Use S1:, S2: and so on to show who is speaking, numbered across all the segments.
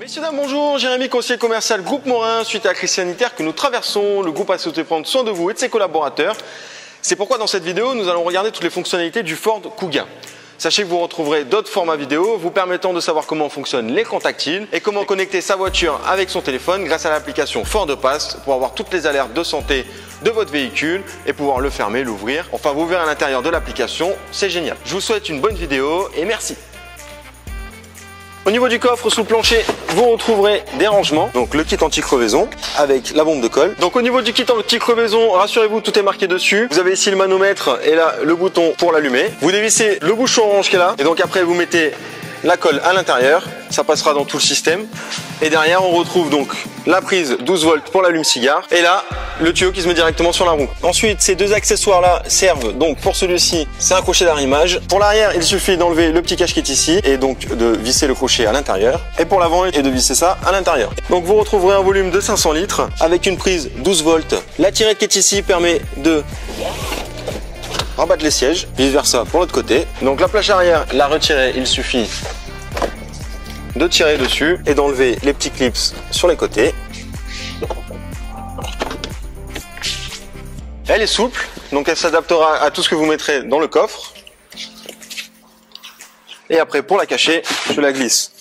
S1: Messieurs, dames, bonjour. Jérémy, conseiller commercial Groupe Morin. Suite à la crise sanitaire que nous traversons, le groupe a souhaité prendre soin de vous et de ses collaborateurs. C'est pourquoi dans cette vidéo, nous allons regarder toutes les fonctionnalités du Ford Kuga. Sachez que vous retrouverez d'autres formats vidéo vous permettant de savoir comment fonctionnent les contactiles et comment connecter sa voiture avec son téléphone grâce à l'application Ford Pass pour avoir toutes les alertes de santé de votre véhicule et pouvoir le fermer, l'ouvrir. Enfin, vous verrez à l'intérieur de l'application, c'est génial. Je vous souhaite une bonne vidéo et merci. Au niveau du coffre, sous le plancher, vous retrouverez des rangements. Donc le kit anti-crevaison avec la bombe de colle. Donc au niveau du kit anti-crevaison, rassurez-vous, tout est marqué dessus. Vous avez ici le manomètre et là le bouton pour l'allumer. Vous dévissez le bouchon orange qui est là. Et donc après, vous mettez la colle à l'intérieur, ça passera dans tout le système. Et derrière, on retrouve donc la prise 12 volts pour l'allume-cigare. Et là, le tuyau qui se met directement sur la roue. Ensuite, ces deux accessoires-là servent donc pour celui-ci, c'est un crochet d'arrimage. Pour l'arrière, il suffit d'enlever le petit cache qui est ici et donc de visser le crochet à l'intérieur. Et pour l'avant, et de visser ça à l'intérieur. Donc vous retrouverez un volume de 500 litres avec une prise 12 volts. La tirette qui est ici permet de en les sièges, vice versa pour l'autre côté. Donc la plage arrière, la retirer, il suffit de tirer dessus et d'enlever les petits clips sur les côtés. Elle est souple, donc elle s'adaptera à tout ce que vous mettrez dans le coffre. Et après, pour la cacher, je la glisse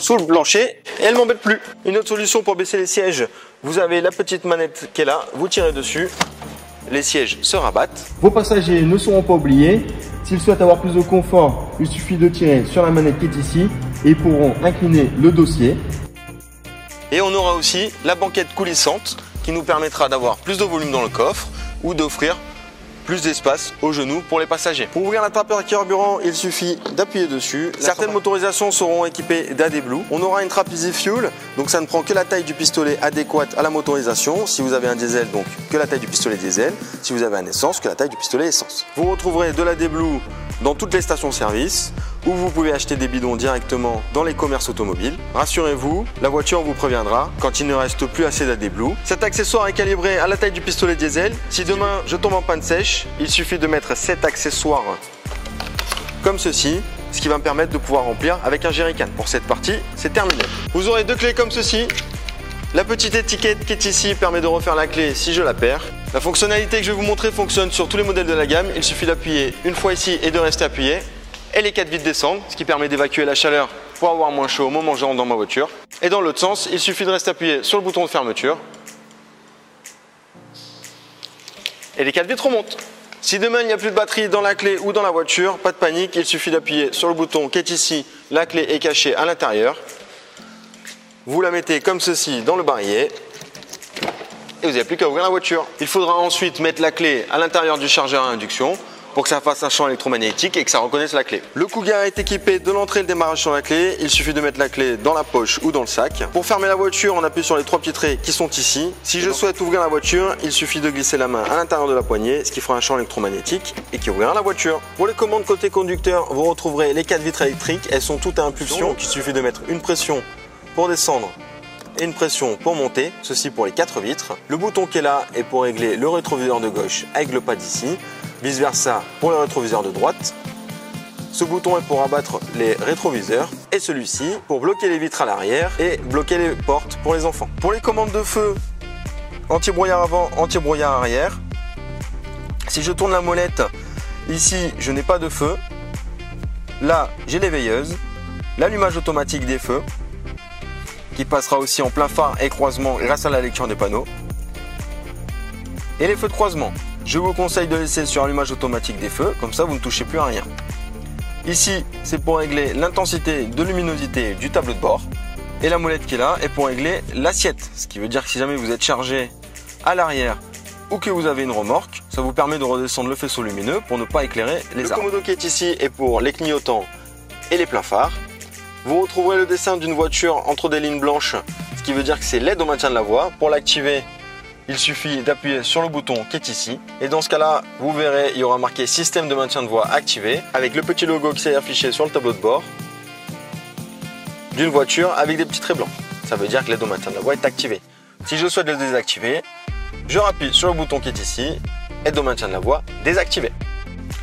S1: sous le plancher et elle m'embête plus. Une autre solution pour baisser les sièges, vous avez la petite manette qui est là, vous tirez dessus les sièges se rabattent. Vos passagers ne seront pas oubliés. S'ils souhaitent avoir plus de confort, il suffit de tirer sur la manette qui est ici et ils pourront incliner le dossier. Et on aura aussi la banquette coulissante qui nous permettra d'avoir plus de volume dans le coffre ou d'offrir plus d'espace aux genoux pour les passagers. Pour ouvrir la carburant, il suffit d'appuyer dessus. Certaines motorisations seront équipées d'AD-Blue. On aura une trappe Easy Fuel, donc ça ne prend que la taille du pistolet adéquate à la motorisation. Si vous avez un diesel, donc que la taille du pistolet diesel. Si vous avez un essence, que la taille du pistolet essence. Vous retrouverez de l'AD-Blue dans toutes les stations-service où vous pouvez acheter des bidons directement dans les commerces automobiles. Rassurez-vous, la voiture vous préviendra quand il ne reste plus assez d'AD Cet accessoire est calibré à la taille du pistolet diesel. Si demain je tombe en panne sèche, il suffit de mettre cet accessoire comme ceci ce qui va me permettre de pouvoir remplir avec un jerrycan. Pour cette partie, c'est terminé. Vous aurez deux clés comme ceci. La petite étiquette qui est ici permet de refaire la clé si je la perds. La fonctionnalité que je vais vous montrer fonctionne sur tous les modèles de la gamme. Il suffit d'appuyer une fois ici et de rester appuyé. Et les quatre vitres descendent, ce qui permet d'évacuer la chaleur pour avoir moins chaud au moment où je dans ma voiture. Et dans l'autre sens, il suffit de rester appuyé sur le bouton de fermeture. Et les quatre vitres remontent. Si demain il n'y a plus de batterie dans la clé ou dans la voiture, pas de panique, il suffit d'appuyer sur le bouton qui est ici, la clé est cachée à l'intérieur. Vous la mettez comme ceci dans le barillet et vous n'avez plus qu'à ouvrir la voiture. Il faudra ensuite mettre la clé à l'intérieur du chargeur à induction pour que ça fasse un champ électromagnétique et que ça reconnaisse la clé. Le Cougar est équipé de l'entrée et le démarrage sur la clé. Il suffit de mettre la clé dans la poche ou dans le sac. Pour fermer la voiture, on appuie sur les trois petits traits qui sont ici. Si je souhaite ouvrir la voiture, il suffit de glisser la main à l'intérieur de la poignée, ce qui fera un champ électromagnétique et qui ouvrira la voiture. Pour les commandes côté conducteur, vous retrouverez les quatre vitres électriques. Elles sont toutes à impulsion, il suffit de mettre une pression pour descendre et une pression pour monter, ceci pour les quatre vitres. Le bouton qui est là est pour régler le rétroviseur de gauche avec le pad ici, vice versa pour le rétroviseur de droite. Ce bouton est pour abattre les rétroviseurs et celui-ci pour bloquer les vitres à l'arrière et bloquer les portes pour les enfants. Pour les commandes de feu, anti-brouillard avant, anti-brouillard arrière. Si je tourne la molette, ici je n'ai pas de feu. Là, j'ai les veilleuses, l'allumage automatique des feux, qui passera aussi en plein phare et croisement grâce à la lecture des panneaux. Et les feux de croisement, je vous conseille de laisser sur allumage automatique des feux, comme ça vous ne touchez plus à rien. Ici, c'est pour régler l'intensité de luminosité du tableau de bord. Et la molette qui est là est pour régler l'assiette, ce qui veut dire que si jamais vous êtes chargé à l'arrière ou que vous avez une remorque, ça vous permet de redescendre le faisceau lumineux pour ne pas éclairer les arbres. Le commodo qui est ici est pour les clignotants et les pleins phares. Vous retrouverez le dessin d'une voiture entre des lignes blanches, ce qui veut dire que c'est l'aide au maintien de la voie. Pour l'activer, il suffit d'appuyer sur le bouton qui est ici. Et dans ce cas-là, vous verrez, il y aura marqué système de maintien de voie activé, avec le petit logo qui s'est affiché sur le tableau de bord d'une voiture avec des petits traits blancs. Ça veut dire que l'aide au maintien de la voie est activée. Si je souhaite le désactiver, je rappuie sur le bouton qui est ici, aide au maintien de la voie désactivée.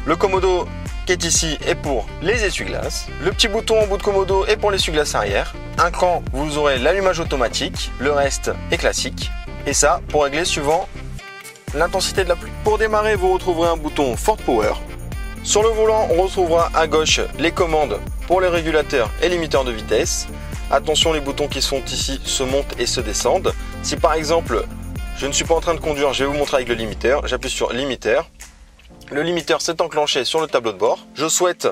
S1: Le commodo qui est ici est pour les essuie-glaces. Le petit bouton au bout de commodo est pour l'essuie-glace arrière. Un cran, vous aurez l'allumage automatique. Le reste est classique. Et ça, pour régler suivant l'intensité de la pluie. Pour démarrer, vous retrouverez un bouton Ford Power. Sur le volant, on retrouvera à gauche les commandes pour les régulateurs et limiteurs de vitesse. Attention, les boutons qui sont ici se montent et se descendent. Si par exemple, je ne suis pas en train de conduire, je vais vous montrer avec le limiteur. J'appuie sur limiteur. Le limiteur s'est enclenché sur le tableau de bord. Je souhaite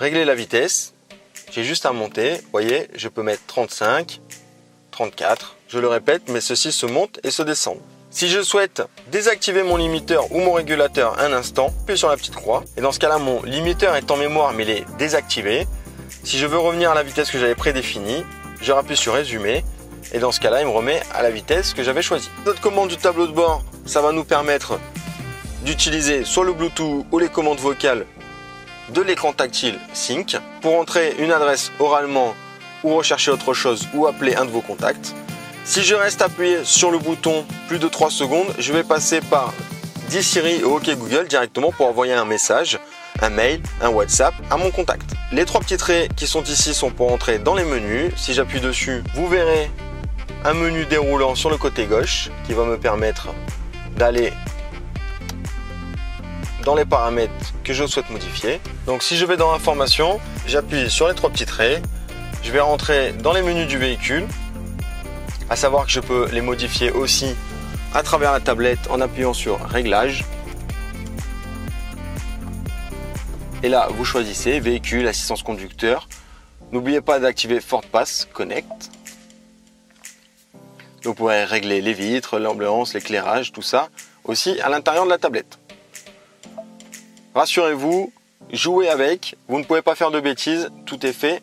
S1: régler la vitesse. J'ai juste à monter. voyez, je peux mettre 35, 34. Je le répète, mais ceci se monte et se descend. Si je souhaite désactiver mon limiteur ou mon régulateur un instant, puis sur la petite croix. Et dans ce cas-là, mon limiteur est en mémoire, mais il est désactivé. Si je veux revenir à la vitesse que j'avais prédéfinie, je rappuie sur résumé Et dans ce cas-là, il me remet à la vitesse que j'avais choisie. Notre commande du tableau de bord, ça va nous permettre d'utiliser soit le Bluetooth ou les commandes vocales de l'écran tactile Sync pour entrer une adresse oralement ou rechercher autre chose ou appeler un de vos contacts. Si je reste appuyé sur le bouton plus de 3 secondes, je vais passer par Dis Siri ou OK Google directement pour envoyer un message, un mail, un WhatsApp à mon contact. Les trois petits traits qui sont ici sont pour entrer dans les menus. Si j'appuie dessus, vous verrez un menu déroulant sur le côté gauche qui va me permettre d'aller dans les paramètres que je souhaite modifier. Donc si je vais dans l'information j'appuie sur les trois petits traits, je vais rentrer dans les menus du véhicule, à savoir que je peux les modifier aussi à travers la tablette en appuyant sur Réglages. Et là, vous choisissez véhicule, assistance conducteur. N'oubliez pas d'activer Ford Pass Connect. Vous pourrez régler les vitres, l'ambiance, l'éclairage, tout ça aussi à l'intérieur de la tablette. Rassurez-vous, jouez avec, vous ne pouvez pas faire de bêtises, tout est fait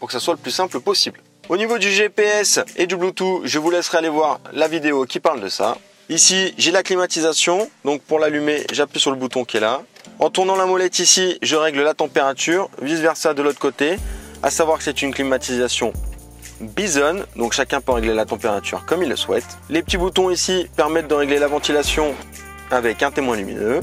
S1: pour que ça soit le plus simple possible. Au niveau du GPS et du Bluetooth, je vous laisserai aller voir la vidéo qui parle de ça. Ici, j'ai la climatisation, donc pour l'allumer, j'appuie sur le bouton qui est là. En tournant la molette ici, je règle la température, vice-versa de l'autre côté, à savoir que c'est une climatisation Bison, donc chacun peut régler la température comme il le souhaite. Les petits boutons ici permettent de régler la ventilation avec un témoin lumineux.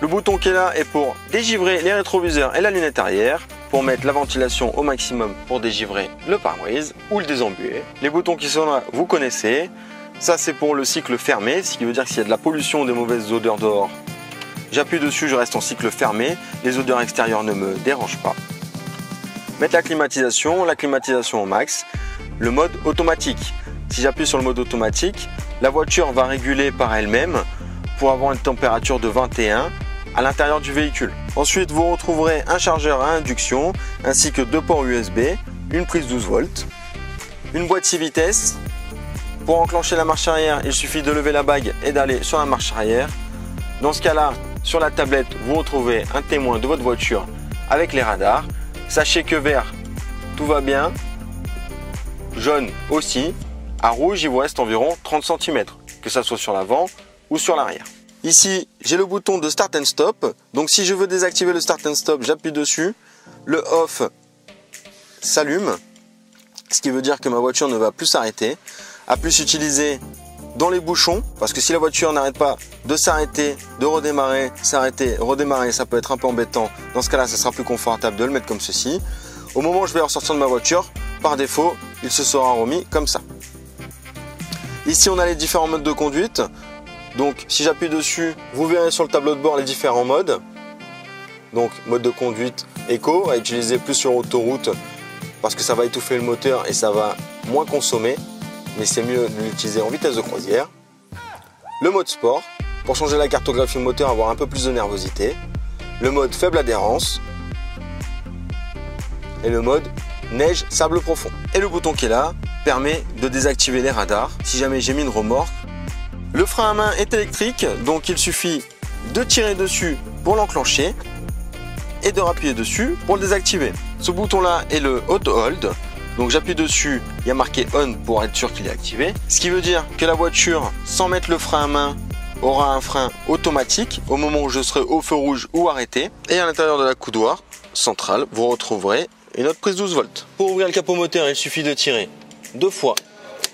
S1: Le bouton qui est là est pour dégivrer les rétroviseurs et la lunette arrière, pour mettre la ventilation au maximum pour dégivrer le pare-brise ou le désembuer. Les boutons qui sont là, vous connaissez. Ça, c'est pour le cycle fermé, ce qui veut dire que s'il y a de la pollution ou des mauvaises odeurs dehors, j'appuie dessus, je reste en cycle fermé. Les odeurs extérieures ne me dérangent pas. Mettre la climatisation, la climatisation au max. Le mode automatique. Si j'appuie sur le mode automatique, la voiture va réguler par elle-même pour avoir une température de 21 à l'intérieur du véhicule. Ensuite, vous retrouverez un chargeur à induction ainsi que deux ports USB, une prise 12 volts, une boîte 6 vitesses. Pour enclencher la marche arrière, il suffit de lever la bague et d'aller sur la marche arrière. Dans ce cas-là, sur la tablette, vous retrouvez un témoin de votre voiture avec les radars. Sachez que vert, tout va bien. Jaune aussi. À rouge, il vous reste environ 30 cm, que ça soit sur l'avant ou sur l'arrière. Ici, j'ai le bouton de Start and Stop. Donc si je veux désactiver le Start and Stop, j'appuie dessus. Le Off s'allume, ce qui veut dire que ma voiture ne va plus s'arrêter. À plus utiliser dans les bouchons, parce que si la voiture n'arrête pas de s'arrêter, de redémarrer, s'arrêter, redémarrer, ça peut être un peu embêtant. Dans ce cas-là, ça sera plus confortable de le mettre comme ceci. Au moment où je vais ressortir de ma voiture, par défaut, il se sera remis comme ça. Ici, on a les différents modes de conduite. Donc si j'appuie dessus, vous verrez sur le tableau de bord les différents modes. Donc mode de conduite éco à utiliser plus sur autoroute parce que ça va étouffer le moteur et ça va moins consommer. Mais c'est mieux de l'utiliser en vitesse de croisière. Le mode sport pour changer la cartographie moteur, avoir un peu plus de nervosité. Le mode faible adhérence et le mode neige sable profond. Et le bouton qui est là permet de désactiver les radars. Si jamais j'ai mis une remorque, le frein à main est électrique, donc il suffit de tirer dessus pour l'enclencher et de rappuyer dessus pour le désactiver. Ce bouton là est le auto hold. Donc j'appuie dessus, il y a marqué on pour être sûr qu'il est activé. Ce qui veut dire que la voiture, sans mettre le frein à main, aura un frein automatique au moment où je serai au feu rouge ou arrêté. Et à l'intérieur de la coudoir centrale, vous retrouverez une autre prise 12 volts. Pour ouvrir le capot moteur, il suffit de tirer deux fois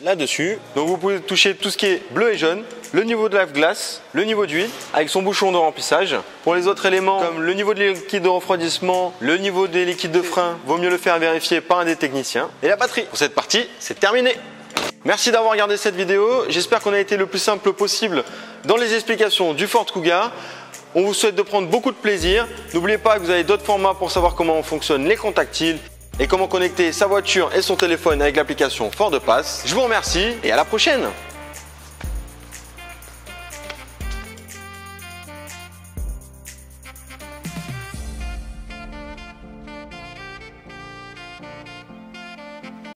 S1: là-dessus. Donc vous pouvez toucher tout ce qui est bleu et jaune, le niveau de la glace, le niveau d'huile, avec son bouchon de remplissage. Pour les autres éléments, comme le niveau de liquide de refroidissement, le niveau des liquides de frein, vaut mieux le faire vérifier par un des techniciens. Et la batterie. Pour cette partie, c'est terminé. Merci d'avoir regardé cette vidéo. J'espère qu'on a été le plus simple possible dans les explications du Ford Cougar. On vous souhaite de prendre beaucoup de plaisir. N'oubliez pas que vous avez d'autres formats pour savoir comment fonctionnent les contactiles et comment connecter sa voiture et son téléphone avec l'application de Pass. Je vous remercie et à la prochaine